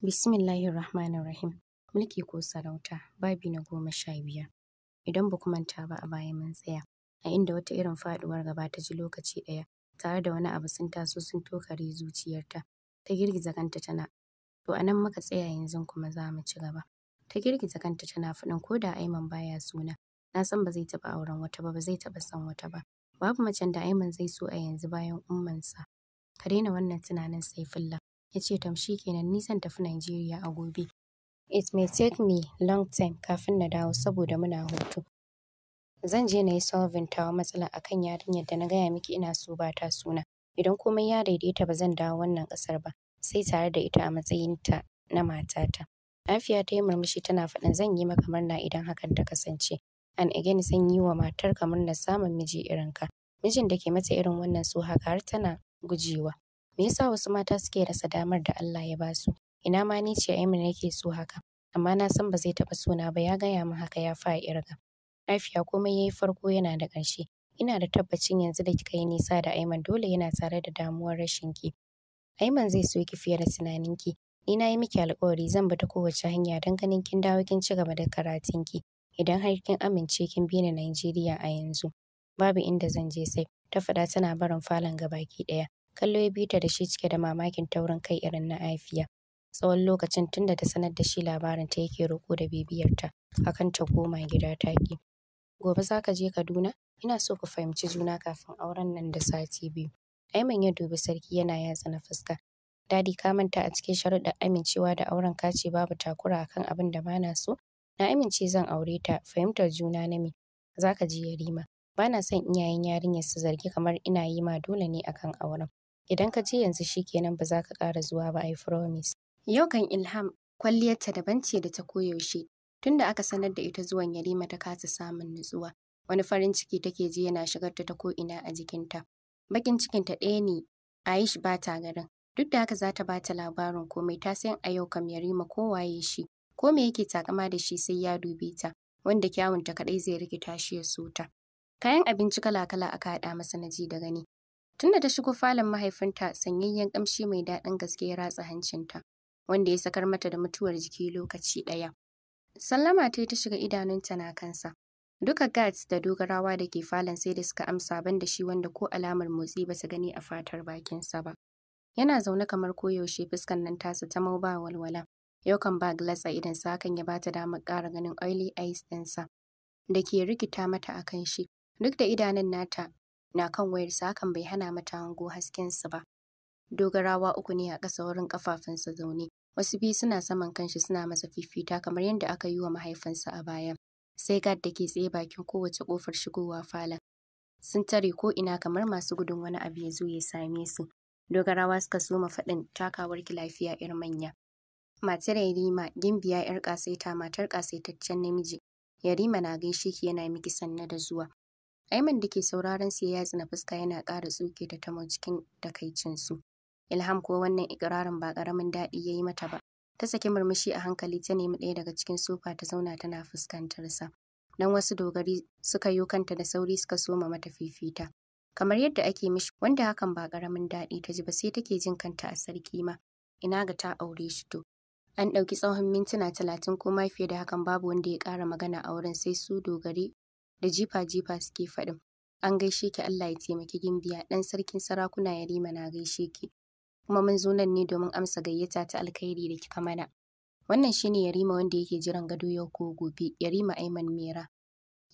Bismillahirrahmanirrahim. Mulki ko sarauta, babi na goma sha biyar. Idan ba kuma manta ba a bayan mun tsaya, a inda wata irin faduwar gaba ta ji lokaci ɗaya, tare da wani abu sun taso sun tokare zuciyarta, ta girgiza kanta tana To anan muka tsaya yanzu kuma za mu ci gaba. Ta girgiza kanta tana faɗin ko da Aiman baya suna, na san ba zai taɓa auren wata ba, ba zai taɓa son wata ba. Babu macen da Aiman zai so a yanzu bayan ummansa. Ka daina wannan tunanin Saifullah. ya ce tamshi kenan ni zan tafi Najeriya a gobe. It may take me long time kafin na dawo saboda muna hutu. Zan je na yi solving tawa matsala a kan yarinyar da na gaya miki ina so ba ta suna. Idan komai ya daidaita ba zan dawo wannan ƙasar ba, sai tare da ita a matsayinta na matata. Afiya ta yi murmushi tana faɗin zan yi maka murna idan hakan ta kasance. an again zan yi wa matar kamar na samun miji irin ka. Mijin da ke mata irin wannan so haka har tana gujewa. Me yasa wasu mata suke rasa damar da Allah ya basu Ina ma ni ce Aiman yake so haka, amma na san ba zai taɓa sona ba ya gaya min haka ya fa irga. Lafiya komai yayi farko yana da ƙarshe. Ina da tabbacin yanzu da kika yi nisa da Aiman dole yana tare da damuwar rashin ki. Aiman zai so ki fiye da tunanin ki Ni na yi miki alƙawari zan bi ta kowace hanya don ganin kin dawo kin ci gaba da karatun ki Idan har kin amince kin bi ni Najeriya a yanzu. Babu inda zan je sai, ta faɗa tana barin falon gabaki ɗaya. Kallo ya bi ta da shi cike da mamakin taurin kai irin na Afiya. Tsawon lokacin tun da ta sanar da shi labarin ta yake roƙo da bibiyarta akan ta koma gida ta ƙi. Gobe za ka je Kaduna? Ina so ku fahimci juna kafin auren nan da sati biyu. Aiman ya dubi sarki yana yatsa na fuska. Dadi ka manta a cikin sharuɗar amincewa da auren ka ce babu takura akan abin da bana so? Na amince zan aure ta fahimtar juna na me? Za ka ji Yarima. Bana son iyayen yarinyar su zargi kamar ina yi ma dole ne akan auren. Idan ka je yanzu shi kenan ba za ka ƙara zuwa ba I promise. Yau kan Ilham kwalliyarta daban ce da ta koyaushe. Tunda aka sanar da ita zuwan Yarima ta kasa samun nutsuwa. Wani farin ciki take ji yana shigar ta ko ina a jikinta. Bakin cikinta ɗaya ne, Aish ba ta garin. Duk da haka za ta ba ta labarin komai ta san a yau kam Yarima ko waye shi, ko me yake takama da shi sai ya dube ta, wanda kyawunta kaɗai zai rikita shi ya so ta. Kayan abinci kala-kala aka haɗa masa na ji da gani, Tunda ta shigo falon mahaifinta, sanyayyen kamshi mai daɗin gaske ya ratsa hancinta, wanda ya sakar mata da mutuwar jiki lokaci ɗaya. Sallama ta ta shiga idanunta na kansa. Duka guards da dogarawa da ke falon sai da suka amsa ban da shi wanda ko alamar motsi ba su gani a fatar bakinsa ba. Yana zaune kamar koyaushe fuskan nan tasa ta mau ba walwala. Yau kan ba glass a idansa hakan ya bata damar ƙara ganin oily eyes ɗinsa da ke rikita mata a kan shi. Duk da idanun nata na kan wayarsa hakan bai hana mata hango haskensa ba. Dogarawa uku ne a ƙasa wurin ƙafafunsa zaune, wasu biyu suna saman kanshi suna masa fifita kamar yadda aka yi wa mahaifinsa a baya. Sai gad da ke tsaye bakin kowace ƙofar shigowa falon. Sun tare ko ina kamar masu gudun wani abu ya zo ya same su. Dogarawa suka soma faɗin takawar ki lafiya 'yar manya. Matar Yarima, Gimbiya 'yar ƙasaita, matar ƙasaitaccen namiji. Yarima na gaishe ki yana miki sanna da zuwa. Aiman da ke sauraron su ya tsina fuska yana ƙara tsuke ta tamo cikin takaicin su. Ilham ko wannan ikirarin ba ƙaramin daɗi ya yi mata ba. Ta saki murmushi a hankali ta nemi ɗaya daga cikin sofa ta zauna tana fuskantar sa. Dan wasu dogari suka yo kanta da sauri suka soma mata fifita. Kamar yadda ake mishi wanda hakan ba ƙaramin daɗi ta ji ba sai take jin kanta a sarki ma. Ina ga ta aure shi to. An ɗauki tsawon mintuna talatin ko ma fiye da hakan babu wanda ya ƙara magana a wurin sai su dogari da jifa-jifa suke faɗin. An gaishe ki Allah ya taimaki gimbiya ɗan sarkin sarakuna Yarima na gaishe ki. Kuma mun zo nan ne domin amsa gayyata ta alkhairi da kika mana. Wannan shine Yarima wanda yake jiran gado yau ko gobe, Yarima Aiman Mera.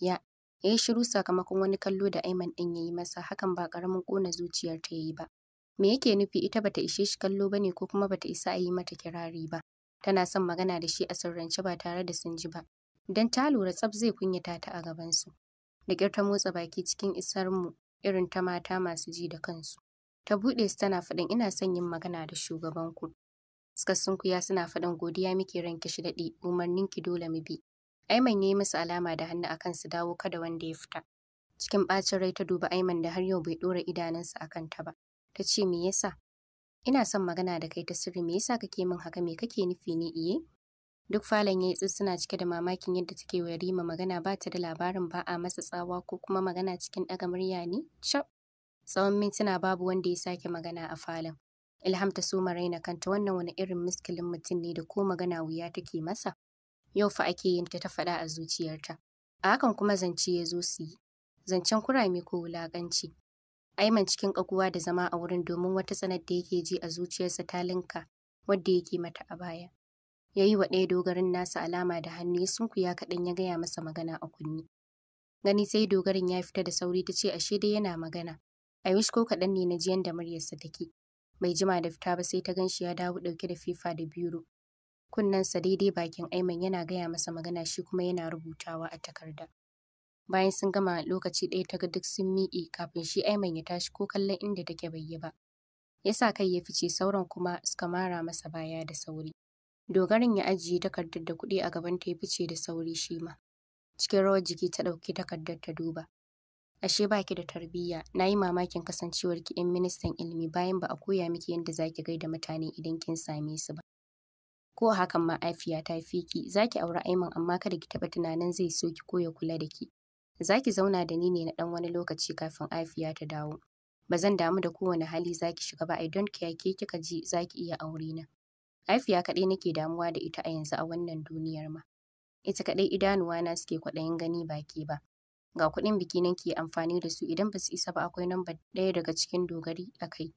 Ya, ya yi shiru sakamakon wani kallo da Aiman ɗin ya yi masa, hakan ba ƙaramin ƙona zuciyar ta yi ba. Me yake nufi ita bata ishe shi kallo ba ne ko kuma bata isa a yi mata kirari ba. Tana son magana da shi a sirrance ba tare da sun ji ba. don ta lura tsab zai kunyata ta a gabansu. Da ƙyar ta motsa baki cikin isar mu irin ta mata masu ji da kansu. Ta buɗe su tana faɗin ina son yin magana da shugabanku. Suka ya suna faɗin godiya muke ranki shi daɗi umarnin ki dole mu bi. Aiman ya yi musu alama da hannu akan su dawo kada wanda ya fita. Cikin ɓacin rai ta duba Aiman da har yau bai ɗora idanunsa akan ta ba. Ta ce me yasa? Ina son magana da kai ta sirri me yasa kake min haka me kake nufi ne iye? Duk falon ya yi suna cike da mamakin yadda take wa ma magana ba ta da labarin ba a masa tsawa ko kuma magana cikin ɗaga murya ne? Cap! Tsawon mintuna babu wanda ya sake magana a falon. Ilham ta soma raina kanta wannan wani irin miskilin mutum ne da ko magana wuya take masa. Yau fa ake yin ta ta faɗa a zuciyarta. A hakan kuma zance ya zo su yi. Zancen kurame ko wulaƙanci. Aiman cikin ƙaguwa da zama a wurin domin wata tsanar da yake ji a zuciyarsa ta linka wadda yake mata a baya. ya yi wa ɗaya dogarin nasa alama da hannu ya ya kaɗan ya gaya masa magana a kunni. Gani sai dogarin ya fita da sauri ta ce ashe dai yana magana. A wish ko kaɗan ne na ji da muryarsa take. Bai jima da fita ba sai ta gan shi ya dawo ɗauke da fifa da biro. Kunnensa daidai bakin Aiman yana gaya masa magana shi kuma yana rubutawa a takarda. Bayan sun gama lokaci ɗaya ta ga duk sun miƙe kafin shi Aiman ya tashi ko kallon inda take bai yi ba. Ya sa kai ya fice sauran kuma suka mara masa baya da sauri. Dogarin ya ajiye takardar da kuɗi a gabanta ya fice da sauri shi ma. Cikin rawar jiki ta ɗauki takardar ta duba. Ashe baki da tarbiyya, na yi mamakin kasancewar ki ɗan ministan ilimi bayan ba a koya miki yadda za ki gaida mutane idan kin same su ba. Ko hakan ma afiya ta fi ki, za ki auri Aiman amma kada ki taɓa tunanin zai so ki koya kula da ki. Za ki zauna da ni ne na ɗan wani lokaci kafin afiya ta dawo. Ba zan damu da kowane hali za ki shiga ba, I don't care ke kika ji za ki iya aure na. Lafiya kaɗai nake damuwa da ita a yanzu a wannan duniyar ma. Ita kaɗai na suke kwaɗayin gani ba ke ba. Ga kuɗin biki nan ki amfani da su idan ba su isa ba akwai namba ɗaya daga cikin dogari a kai.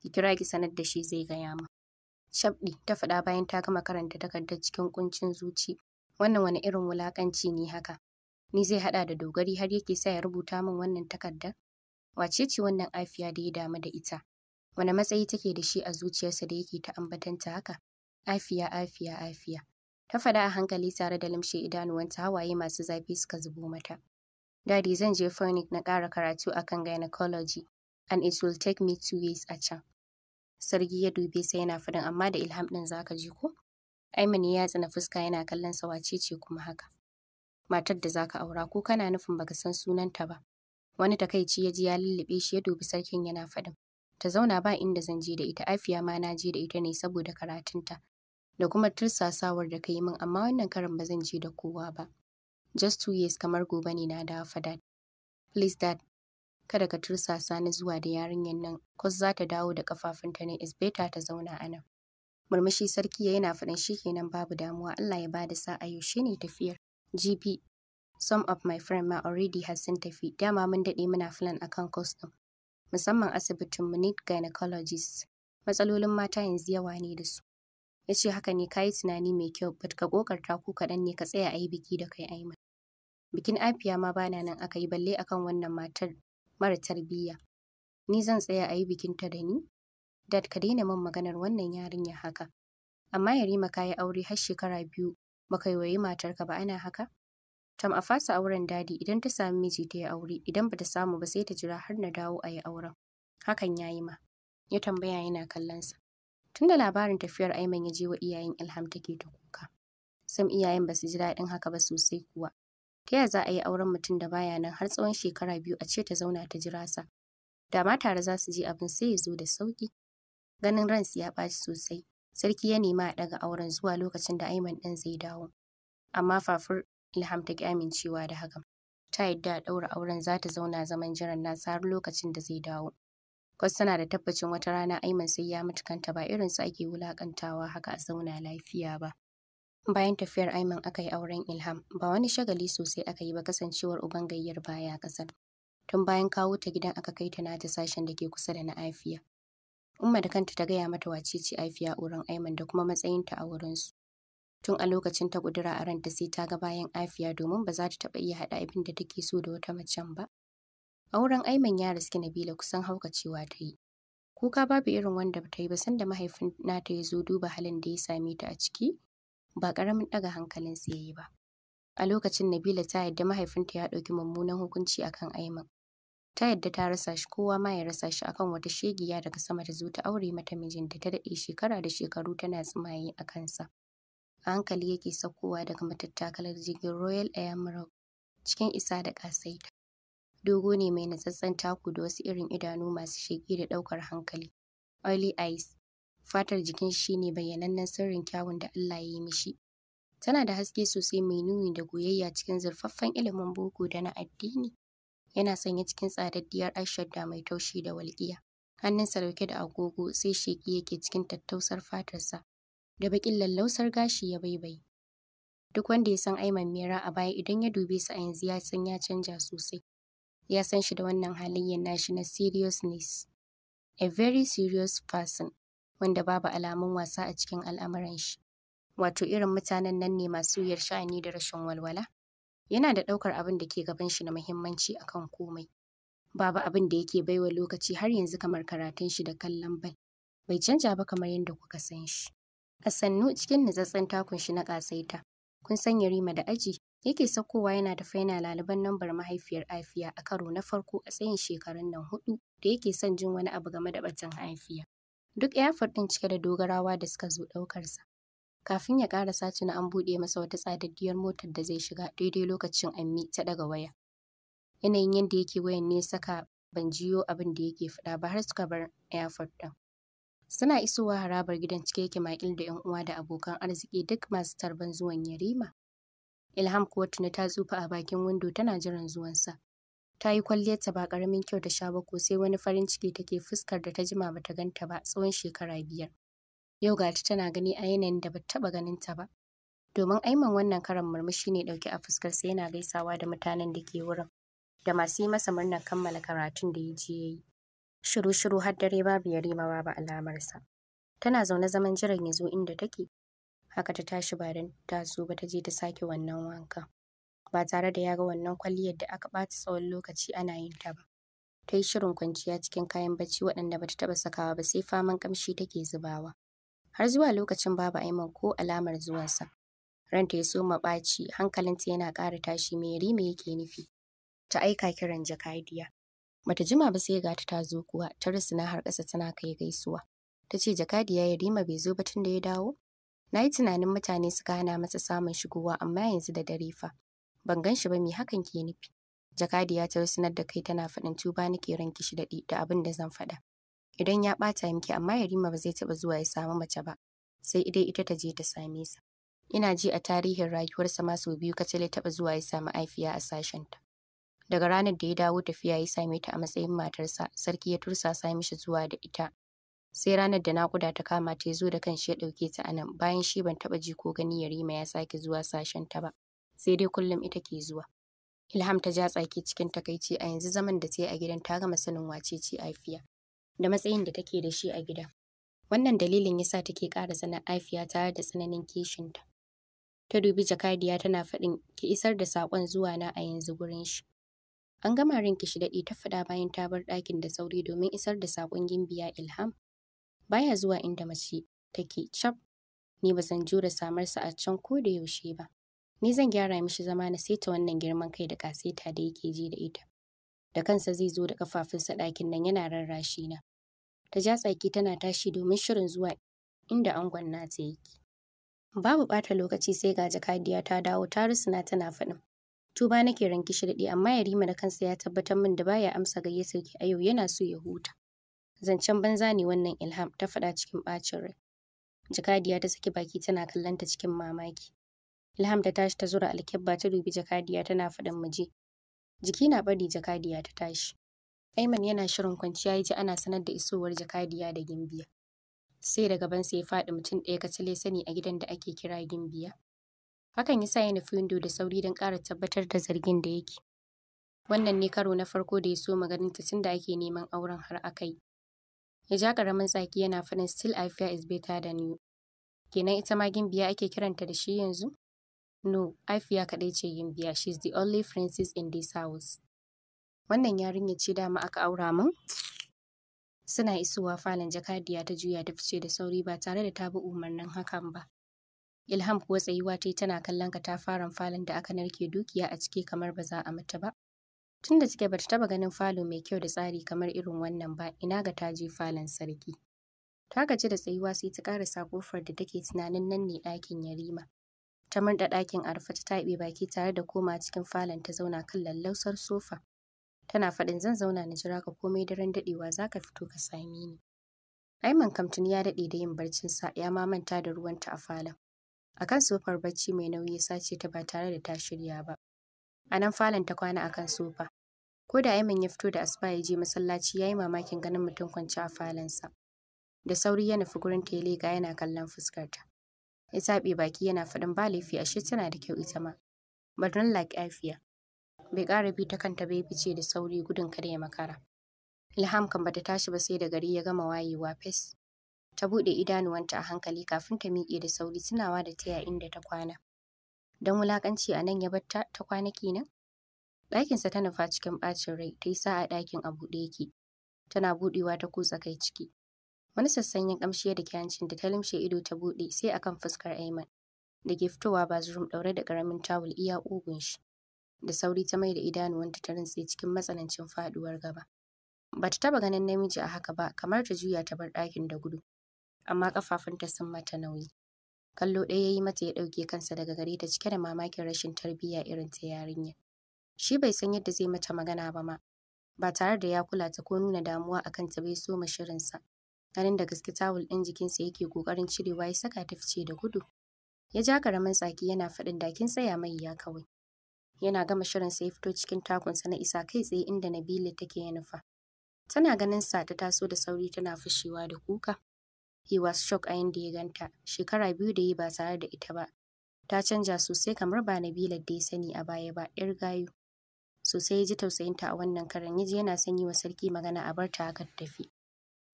Ki kira ki sanar da shi zai gaya ma. Shabɗi ta faɗa bayan ta gama karanta takardar cikin ƙuncin zuci. Wannan wani irin wulaƙanci ne haka? Ni zai haɗa da dogari har yake sa ya rubuta min wannan takardar? Wace ce wannan afiya da ya damu da ita? Wane matsayi take da shi a zuciyarsa da yake ta ambatanta haka? Afiya, Afiya, Afiya. Ta faɗa a hankali tare da limshe idanuwanta hawaye masu zafi suka zubo mata. Dadi zan je Phoenix na ƙara karatu akan gynecology and it will take me two years a can. Sarki ya dube sai yana faɗin amma da ilham ɗin zaka je ko? Aimani ya tsina fuska yana kallon sa wace ce kuma haka. Matar da zaka aura ko kana nufin baka san sunanta ba. Wani takaici ya ji ya lullube shi ya dubi sarkin yana faɗin. Ta zauna ba inda zan je da ita afiya ma na je da ita ne saboda karatunta. da kuma tursasawar da ka yi min amma wannan karin ba zan je da kowa ba. Just two years kamar gobe ne na dawo fa dad. Please dad, kada ka tursasa ni zuwa da yarinyar nan, kwas za ta dawo da kafafunta ne is better ta zauna a nan. Murmushi sarki ya yana faɗin shi kenan babu damuwa Allah ya bada sa'a yaushe ne tafiyar. GP, some of my friend ma already has sun tafi, dama mun daɗe muna filan akan kan ɗin. Musamman asibitin mu need gynecologist. Matsalolin mata yanzu yawa ne da su. ya ce haka ne kayi tunani mai kyau but ka kokarta ko kaɗan ne ka tsaya a yi biki da kai aiman bikin afiya ma bana nan aka yi balle akan wannan matar mara tarbiyya ni zan tsaya a yi ta da ni dad ka daina min maganar wannan yarinya haka amma yarima ka yi aure har shekara biyu baka matar ka, ba ana haka tam a fasa auren dadi idan ta sami miji ta yi aure idan bata samu ba sai ta jira har na dawo a yi auren hakan yayi ma ya tambaya yana kallonsa Tunda labarin tafiyar Aiman ya je wa iyayen Ilham take ta kuka. Sam iyayen ba su ji daɗin haka ba sosai kuwa. Ta yaya za a yi auren mutum da baya nan har tsawon shekara biyu a ce ta zauna ta jira sa. Da ma tare za su je abin sai ya zo da sauki. Ganin ransu ya ɓaci sosai. Sarki ya nema a ɗaga auren zuwa lokacin da Aiman ɗin zai dawo. Amma fafur Ilham ta ki amincewa da hakan. Ta yadda a ɗaura auren za ta zauna zaman jiran nasa har lokacin da zai dawo. Kwas tana da tabbacin wata rana Aiman sai ya mutu kanta ba irin su ake wulakantawa haka a zauna lafiya ba. Bayan tafiyar Aiman aka yi auren Ilham, ba wani shagali sosai aka yi ba kasancewar uban gayyar baya kasar. Tun bayan kawo ta gidan aka kai ta na nata sashen da ke kusa da na Afiya. Umma da kanta ta gaya mata wace ce Afiya wurin Aiman da kuma matsayinta a wurinsu. Tun a lokacin ta kudura a ranta sai ta ga bayan Afiya domin ba za ta taɓa iya haɗa abin da take so da wata macen ba. Auren Aiman ya riski Nabila kusan haukacewa ta yi. Kuka babu irin wanda ta yi ba sanda mahaifin nata ya zo duba halin da ya same ta a ciki, ba ƙaramin ɗaga hankalin sa yayi ba. A lokacin Nabila ta yadda mahaifinta ya ɗauki mummunan hukunci akan Aiman. Ta yadda ta rasa shi kowa ma ya rasa shi akan wata shegiya daga sama ta zo ta aure mata mijin da ta daɗe shekara da shekaru tana tsimaye a kansa. A hankali yake saukowa daga matattakalar jirgin Royal Air Maroc cikin isa da ƙasaita. Dogo ne mai natsatsen taku da wasu irin idanu masu sheƙi da ɗaukar hankali. Oily eyes. Fatar jikin shi ne bayyanannen sirrin kyawun da Allah ya yi mishi. Tana da haske sosai mai nuni da goyayya cikin zurfaffen ilimin boko da na addini. Yana sanya cikin tsadaddiyar ashadda mai taushi da walƙiya. Hannunsa dauke da agogo sai sheƙi yake cikin tattausar fatarsa. Da baƙin lallausar gashi ya baibaye. Duk wanda ya san Aiman Mera a baya idan ya dube su a yanzu ya san ya canja sosai. ya san shi da wannan halayyar nashi na seriousness. A very serious person wanda babu alamun wasa a cikin al'amuran shi. Wato irin mutanen nan ne masu yar sha'ani da rashin walwala. Yana da ɗaukar abin da ke gaban shi na muhimmanci akan komai. Babu abin da yake baiwa lokaci har yanzu kamar karatun shi da kallon bal. Bai canja ba kamar yadda kuka san shi. A sannu cikin nutsatsen takun shi na ƙasaita. kun sanya rima da aji yake sakowa yana da faina laliban Nambar mahaifiyar Afiya a karo na farko a tsayin shekarun nan hudu da yake son jin wani abu game da batun Afiya. Duk ya ɗin cike da dogarawa da suka zo ɗaukarsa. Kafin ya ƙara na an buɗe masa wata tsadaddiyar motar da zai shiga daidai lokacin Ammi ta ɗaga waya. Yanayin yadda yake wayan ne saka ban jiyo abin da yake faɗa ba har suka bar airport ɗin. Suna isowa harabar gidan cike yake makil da 'yan uwa da abokan arziki duk masu tarban zuwan Yarima. Ilham kuwa tuni ta tsufa a bakin windo tana jiran zuwansa. Ta yi kwalliyarta ba ƙaramin kyau da sha bako sai wani farin ciki take fuskar da ta jima bata ganta ba tsawon shekara biyar. Yau ga ta tana gani a yanayin da bata taɓa ganin ta ba. Domin aiman wannan karan murmushi ne ɗauke a fuskarsa yana gaisawa da mutanen da ke wurin. Da masu yi masa murnar kammala karatun da ya je ya yi. Shiru-shiru har dare babu yarimawa ba alamarsa. Tana zaune zaman jiran ya zo inda take, haka ta tashi ba da ta ba ta je ta sake wannan wanka. ba tare da ya ga wannan kwalliyar da aka bata tsawon lokaci ana yin ta ba ta yi shirin kwanciya cikin kayan bacci waɗanda ba ta taɓa sakawa ba sai faman ƙamshi take zubawa har zuwa lokacin babu aiman ko alamar zuwansa ranta ya soma ɓaci hankalinta yana ƙara tashi me rime yake nufi ta aika kiran jakadiya bata jima ba sai gata ta zo kuwa ta rusuna har ƙasa tana kai gaisuwa ta ce jakadiya ya rima bai zo ba tun da ya dawo Na yi tunanin mutane suka hana masa samun shigowa amma yanzu da dare fa. Ban gan shi ba me hakan ke nufi. ya ta sanar da kai tana faɗin tuba nake ranki shi daɗi da abin da zan faɗa. Idan ya ɓata miki amma Yarima ba zai taɓa zuwa ya samu mace ba. Sai dai ita ta je ta same sa. Ina ji a tarihin rayuwarsa ma sau biyu kacal ya taɓa zuwa ya samu aifiya a sashenta. Daga ranar da ya dawo tafiya ya same ta a matsayin matarsa, sarki ya tursasa mishi zuwa da ita sai ranar da nakuda ta kama ta zo da kanshi ya dauke ta anan bayan shi ban taba ji ko gani Yarima ya sake zuwa sashen ta ba sai dai kullum ita ke zuwa Ilham ta ja tsaki cikin takaici a yanzu zaman da ta a gidan ta gama sanin wace ce Afiya da matsayin da take da shi a gida wannan dalilin yasa take ƙara zana Afiya tare da tsananin kishin ta Ta dubi jakadiya tana faɗin ki isar da saƙon zuwa na a yanzu gurin shi An gama rinki shi daɗi ta faɗa bayan ta bar ɗakin da sauri domin isar da saƙon gimbiya Ilham baya zuwa inda mace take cap ni ba zan jure samar sa a can ko da yaushe ba ni zan gyara mishi zama na saita wannan girman kai da kaseta da yake ji da ita da kansa zai zo da sa ɗakin nan yana rarrashi na ta ja tsaki tana tashi domin shirin zuwa inda angon nata yake babu ɓata lokaci sai ga jakadiya ta dawo ta rusuna tana faɗin tuba nake ranki daɗi, amma yarima da kansa ya tabbatar min da baya amsa gayyatar ki a yau yana so ya huta Zancen banza ne wannan Ilham ta faɗa cikin ɓacin rai. Jakadiya ta saki baki tana kallon ta cikin mamaki. Ilham ta tashi ta zura Alkebba ta dubi jakadiya tana faɗin muje. Jiki na bari jakadiya ta tashi. Aiman yana shirin kwanciya ya ji ana sanar da isowar jakadiya da gimbiya. Sai da gabansa ya faɗi mutum ɗaya ka cile sani a gidan da ake kira gimbiya. Hakan ya sa ya nufi windo da sauri don ƙara tabbatar da zargin da yake. Wannan ne karo na farko da ya so maganinta tun da ake neman auren har aka yi. ya ja ƙaramin tsaki yana faɗin still I is better than you. Kenan ita ma Gimbiya ake kiranta da shi yanzu? No, Afiya kaɗai ce Gimbiya, she is the only princess in this house. Wannan yarinya ce dama aka aura min? Suna isowa falon jakadiya ta juya ta fice da sauri ba tare da ta bi umarnin hakan ba. Ilham kuwa tsayuwa ta yi tana kallon katafaren falon da aka narke dukiya a ciki kamar ba za a mutu ba. Tunda take bata taba ganin falo mai kyau da tsari kamar irin wannan ba, ina ga ta je falon sarki. Ta gaji da tsayuwa sai ta karasa kofar da take tunanin nan ne ɗakin Yarima. Ta murɗa ɗakin a ta taɓe baki tare da koma cikin falon ta zauna kan lallausar sofa. Tana faɗin zan zauna na jira ka komai daren daɗewa za ka fito ka same ni. Aiman Kamtun ya daɗe da yin barcinsa ya ma manta da ruwanta a falon. Akan sofar bacci mai nauyi sace ta ba tare da ta shirya ba. A nan falon ta kwana akan sofa. Ko da Ayman ya fito da asuba ya je masallaci ya yi mamakin ganin mutum kwance a falonsa. Da sauri ya nufi gurin ta ya yana kallon fuskarta. Ya taɓe baki yana faɗin ba laifi ashe tana da kyau ita ma. But not like Afiya. Bai ƙara bi ta kanta ba ya fice da sauri gudun kada ya makara. Ilham kan bata tashi ba sai da gari ya gama wayewa fes. Ta buɗe idanuwanta a hankali kafin ta miƙe da sauri tunawa da taya inda ta kwana. don wulakanci a nan ya batta ta kwanaki nan? ɗakinsa ta nufa cikin ɓacin rai ta yi sa'a ɗakin a buɗe yake tana buɗewa ta kutsa kai ciki wani sassanyen ƙamshi da kyancin da ta limshe ido ta buɗe sai akan fuskar Aiman da ke fitowa ba zurum ɗaure da ƙaramin tawul iya ƙugun shi da sauri ta mai da idanuwanta ta rintse cikin matsanancin faɗuwar gaba Ba ta taɓa ganin namiji a haka ba kamar ta juya ta bar ɗakin da gudu amma ƙafafunta sun mata nauyi kallo ɗaya yayi mata ya ɗauke kansa daga gare ta cike da mamakin rashin tarbiyya irin ta yarinya shi bai san yadda zai mata magana ba ma ba tare da ya kula ta ko nuna damuwa akan ta bai shirin shirinsa ganin da gaske tawul ɗin jikinsa yake ƙoƙarin cirewa ya saka ta fice da gudu ya ja karamin tsaki yana faɗin da kin tsaya mai ya kawai yana gama shirinsa ya fito cikin takunsa na isa kai tsaye inda Nabila take ya nufa tana ganin sa ta taso da sauri tana fushewa da kuka He was shocked a yanda ya ganta. Shekara biyu da yi ba tare da ita ba. Ta canja sosai kamar ba Nabila da ya sani a baya ba, ‘yar gayu. Sosai ya ji tausayinta a wannan karan, ya yana son yi wa sarki magana a bar ta haka tafi.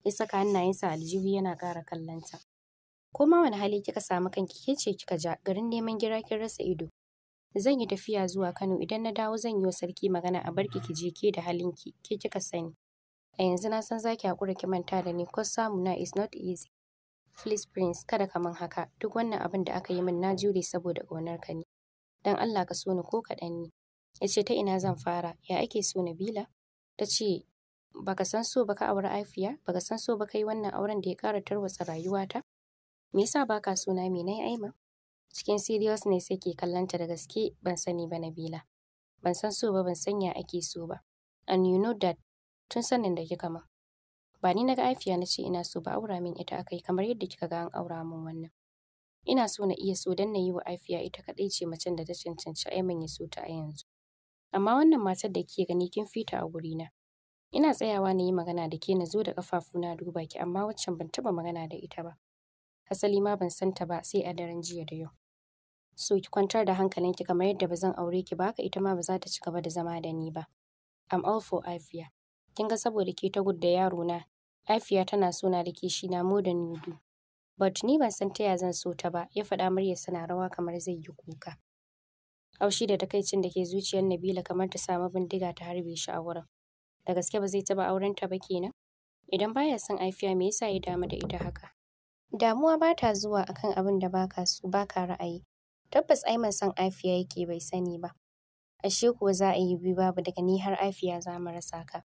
Ya saka hannayensa aljihu yana ƙara kallonta. Ko ma wani hali kika samu kanki ke ce kika ja garin neman gira kin rasa ido. Zan yi tafiya zuwa Kano idan na dawo zan yi wa sarki magana a barki ki je ke da halinki, ke kika sani. A yanzu na san zaki haƙura ki manta da ni, ko samu na is not easy. Please Prince, kada kaman haka. Duk wannan abin da aka yi min na jure saboda ƙaunar ka ne. Dan Allah ka so ni ko kaɗan ne. Ya ce ta ina zan fara, ya ake so bila Ta ce, baka san so baka aure Afiya, baka san so baka yi wannan auren da ya ƙara tarwatsa rayuwata? Me yasa baka so na me nayi aima? Cikin serious ne sai ke kallanta da gaske ban sani ba na bila Ban san so ba ban san ya ake so ba. And you know that tun sanin da kika ma. ba ni naga Afiya na ce ina so ba aura min ita akai kamar yadda kika ga an aura min wannan ina so na iya so dan na yi wa Afiya ita kadai ce macen da ta cancanci Aiman ya so ta a yanzu amma wannan matar da kike gani kin fita a guri na ina tsayawa na yi magana da ke na zo da kafafuna duba ki amma waccan ban taba magana da ita ba asali ma ban san ta ba sai a daren jiya da yau so ki kwantar da hankalinki kamar yadda ba zan aure ki ba haka ita ma ba za ta ci gaba da zama da ni ba I'm all for Afiya. kin ga saboda ke ta gudda yaro na afiya tana so na da shi na more than but ni ban san ta ya zan so ta ba ya faɗa murya sana rawa kamar zai yi kuka haushi da takaicin da ke zuciyar Nabila kamar ta samu bindiga ta harbe shi a wurin da gaske ba zai taba auren ta ba kenan idan baya son afiya me yasa ya damu da ita haka damuwa ba ta zuwa akan abin da baka so baka ra'ayi tabbas ai aiman san afiya yake bai sani ba ashe kuwa za a yi biyu babu daga ni har afiya za mu rasa ka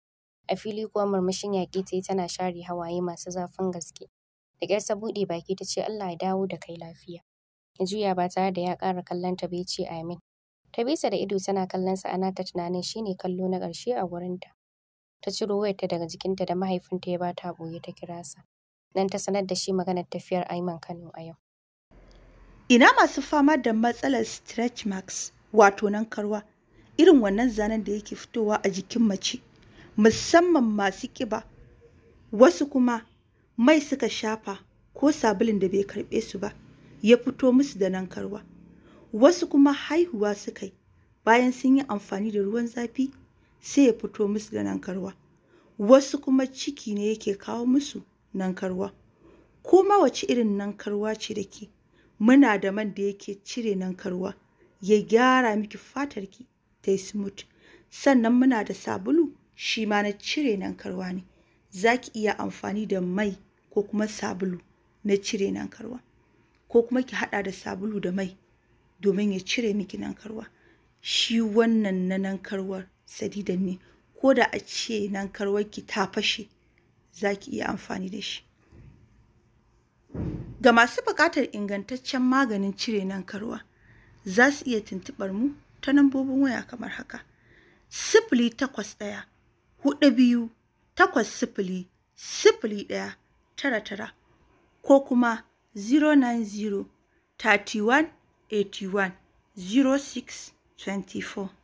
A fili kuwa murmushin yaƙi ta yi tana share hawaye masu zafin gaske. Da ƙyar ta buɗe baki ta ce Allah ya dawo da kai lafiya. Ya juya ba tare da ya ƙara kallon ta bai ce amin. Ta bisa da ido tana kallon sa ana ta tunanin shine kallo na ƙarshe a gurinta. Ta ciro wayarta daga jikinta da mahaifinta ya bata a ɓoye ta kira sa. Nan ta sanar da shi maganar tafiyar Aiman Kano a yau. Ina masu fama da matsalar stretch marks wato nan karwa irin wannan zanen da yake fitowa a jikin mace. musamman masu ƙiba wasu kuma mai suka shafa ko sabulin da bai karɓe su ba ya fito musu da nan karwa wasu kuma haihuwa suka yi bayan sun yi amfani da ruwan zafi sai ya fito musu da nan karwa wasu kuma ciki ne yake kawo musu nan karwa ma wace irin nan karwa ce da ke muna da man da yake cire nan karwa ya gyara miki fatarki ta yi smooth sannan muna da sabulu shi ma na cire nankarwa ne za ki iya amfani da mai ko kuma sabulu na cire nankarwa ko kuma ki haɗa da sabulu da mai domin ya cire miki nankarwa shi wannan na nankarwar sadidan ne ko da a ce ki ta fashe za ki iya amfani da shi ga masu buƙatar ingantaccen maganin cire nankarwa za su iya tuntuɓar mu ta lambobin waya kamar haka sifili takwas ɗaya hudu biyu takwas sifili sifili ɗaya tara tara ko kuma 090 31 81 06 24.